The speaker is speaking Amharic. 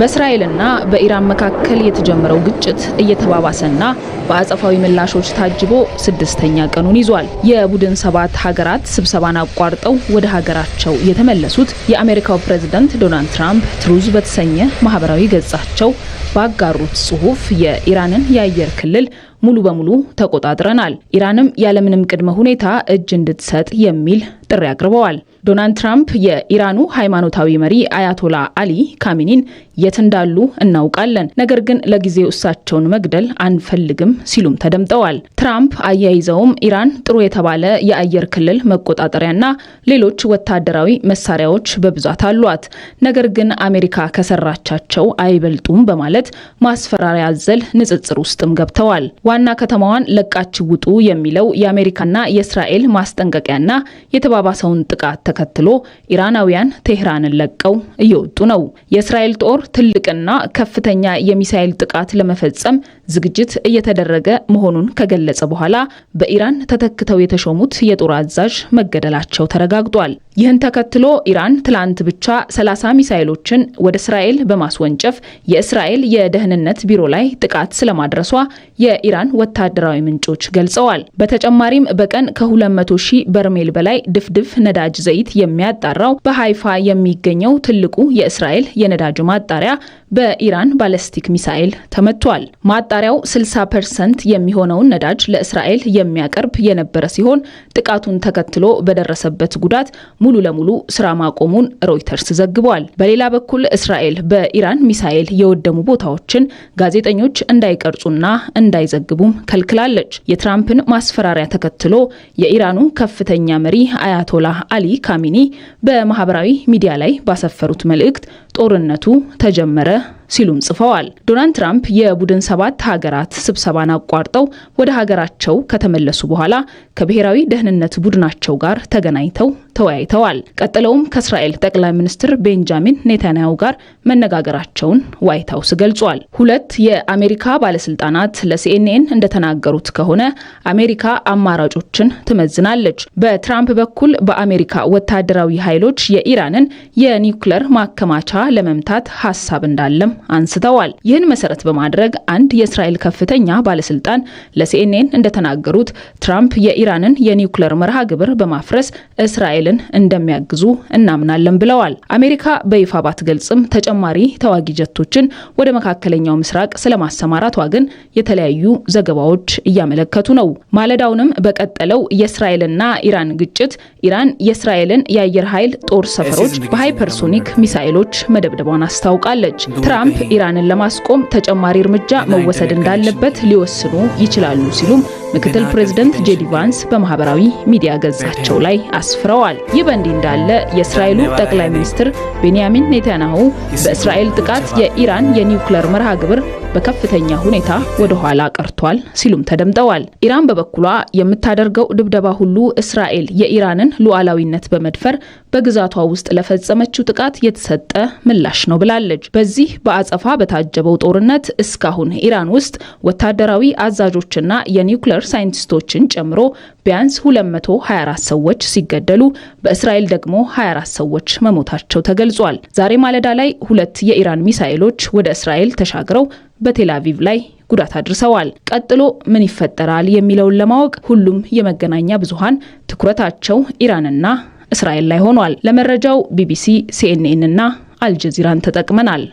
በእስራኤልና በኢራን መካከል የተጀመረው ግጭት እየተባባሰና በአጸፋዊ ምላሾች ታጅቦ ስድስተኛ ቀኑን ይዟል። የቡድን ሰባት ሀገራት ስብሰባን አቋርጠው ወደ ሀገራቸው የተመለሱት የአሜሪካው ፕሬዝደንት ዶናልድ ትራምፕ ትሩዝ በተሰኘ ማህበራዊ ገጻቸው ባጋሩት ጽሁፍ የኢራንን የአየር ክልል ሙሉ በሙሉ ተቆጣጥረናል፣ ኢራንም ያለምንም ቅድመ ሁኔታ እጅ እንድትሰጥ የሚል ጥሪ አቅርበዋል። ዶናልድ ትራምፕ የኢራኑ ሃይማኖታዊ መሪ አያቶላ አሊ ካሚኒን የት እንዳሉ እናውቃለን፣ ነገር ግን ለጊዜው እሳቸውን መግደል አንፈልግም ሲሉም ተደምጠዋል። ትራምፕ አያይዘውም ኢራን ጥሩ የተባለ የአየር ክልል መቆጣጠሪያና ሌሎች ወታደራዊ መሳሪያዎች በብዛት አሏት፣ ነገር ግን አሜሪካ ከሰራቻቸው አይበልጡም በማለት ማስፈራሪያ አዘል ንጽጽር ውስጥም ገብተዋል። ዋና ከተማዋን ለቃች ውጡ የሚለው የአሜሪካና የእስራኤል ማስጠንቀቂያና የተባባሰውን ጥቃት ተከትሎ ኢራናውያን ቴህራንን ለቀው እየወጡ ነው። የእስራኤል ጦር ትልቅና ከፍተኛ የሚሳኤል ጥቃት ለመፈጸም ዝግጅት እየተደረገ መሆኑን ከገለጸ በኋላ በኢራን ተተክተው የተሾሙት የጦር አዛዥ መገደላቸው ተረጋግጧል። ይህን ተከትሎ ኢራን ትላንት ብቻ 30 ሚሳኤሎችን ወደ እስራኤል በማስወንጨፍ የእስራኤል የደህንነት ቢሮ ላይ ጥቃት ስለማድረሷ የኢራን ወታደራዊ ምንጮች ገልጸዋል። በተጨማሪም በቀን ከ200 ሺህ በርሜል በላይ ድፍድፍ ነዳጅ ዘይት ድርጅት የሚያጣራው በሃይፋ የሚገኘው ትልቁ የእስራኤል የነዳጅ ማጣሪያ በኢራን ባለስቲክ ሚሳኤል ተመቷል። ማጣሪያው 60 ፐርሰንት የሚሆነውን ነዳጅ ለእስራኤል የሚያቀርብ የነበረ ሲሆን ጥቃቱን ተከትሎ በደረሰበት ጉዳት ሙሉ ለሙሉ ስራ ማቆሙን ሮይተርስ ዘግቧል። በሌላ በኩል እስራኤል በኢራን ሚሳኤል የወደሙ ቦታዎችን ጋዜጠኞች እንዳይቀርጹና እንዳይዘግቡም ከልክላለች። የትራምፕን ማስፈራሪያ ተከትሎ የኢራኑ ከፍተኛ መሪ አያቶላህ አሊ ካሚኒ በማህበራዊ ሚዲያ ላይ ባሰፈሩት መልእክት ጦርነቱ ተጀመረ ሲሉም ጽፈዋል። ዶናልድ ትራምፕ የቡድን ሰባት ሀገራት ስብሰባን አቋርጠው ወደ ሀገራቸው ከተመለሱ በኋላ ከብሔራዊ ደህንነት ቡድናቸው ጋር ተገናኝተው ተወያይተዋል። ቀጥለውም ከእስራኤል ጠቅላይ ሚኒስትር ቤንጃሚን ኔታንያሁ ጋር መነጋገራቸውን ዋይት ሀውስ ገልጿል። ሁለት የአሜሪካ ባለስልጣናት ለሲኤንኤን እንደተናገሩት ከሆነ አሜሪካ አማራጮችን ትመዝናለች። በትራምፕ በኩል በአሜሪካ ወታደራዊ ኃይሎች የኢራንን የኒውክለር ማከማቻ ለመምታት ሀሳብ እንዳለም አንስተዋል። ይህን መሰረት በማድረግ አንድ የእስራኤል ከፍተኛ ባለስልጣን ለሲኤንኤን እንደተናገሩት ትራምፕ የኢራንን የኒውክለር መርሃ ግብር በማፍረስ እስራኤል እስራኤልን እንደሚያግዙ እናምናለን ብለዋል። አሜሪካ በይፋ ባትገልጽም ተጨማሪ ተዋጊ ጀቶችን ወደ መካከለኛው ምስራቅ ስለማሰማራቷ ግን የተለያዩ ዘገባዎች እያመለከቱ ነው። ማለዳውንም በቀጠለው የእስራኤልና ኢራን ግጭት ኢራን የእስራኤልን የአየር ኃይል ጦር ሰፈሮች በሃይፐርሶኒክ ሚሳኤሎች መደብደቧን አስታውቃለች። ትራምፕ ኢራንን ለማስቆም ተጨማሪ እርምጃ መወሰድ እንዳለበት ሊወስኑ ይችላሉ ሲሉም ምክትል ፕሬዝደንት ጄዲ ቫንስ በማህበራዊ ሚዲያ ገጻቸው ላይ አስፍረዋል። ይህ በእንዲህ እንዳለ የእስራኤሉ ጠቅላይ ሚኒስትር ቤንያሚን ኔታንያሁ በእስራኤል ጥቃት የኢራን የኒውክለር መርሃ ግብር በከፍተኛ ሁኔታ ወደ ኋላ ቀርቷል ሲሉም ተደምጠዋል። ኢራን በበኩሏ የምታደርገው ድብደባ ሁሉ እስራኤል የኢራንን ሉዓላዊነት በመድፈር በግዛቷ ውስጥ ለፈጸመችው ጥቃት የተሰጠ ምላሽ ነው ብላለች። በዚህ በአጸፋ በታጀበው ጦርነት እስካሁን ኢራን ውስጥ ወታደራዊ አዛዦችና የኒውክሌር ሳይንቲስቶችን ጨምሮ ቢያንስ 224 ሰዎች ሲገደሉ በእስራኤል ደግሞ 24 ሰዎች መሞታቸው ተገልጿል። ዛሬ ማለዳ ላይ ሁለት የኢራን ሚሳኤሎች ወደ እስራኤል ተሻግረው በቴላቪቭ ላይ ጉዳት አድርሰዋል። ቀጥሎ ምን ይፈጠራል የሚለውን ለማወቅ ሁሉም የመገናኛ ብዙሃን ትኩረታቸው ኢራንና እስራኤል ላይ ሆኗል። ለመረጃው ቢቢሲ፣ ሲኤንኤን እና አልጀዚራን ተጠቅመናል።